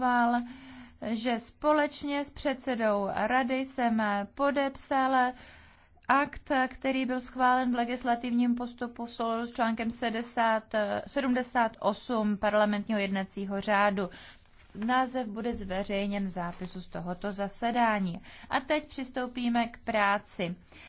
informoval, že společně s předsedou rady jsem podepsal akt, který byl schválen v legislativním postupu v souladu s článkem 70, 78 parlamentního jednacího řádu. Název bude zveřejněn v zápisu z tohoto zasedání. A teď přistoupíme k práci.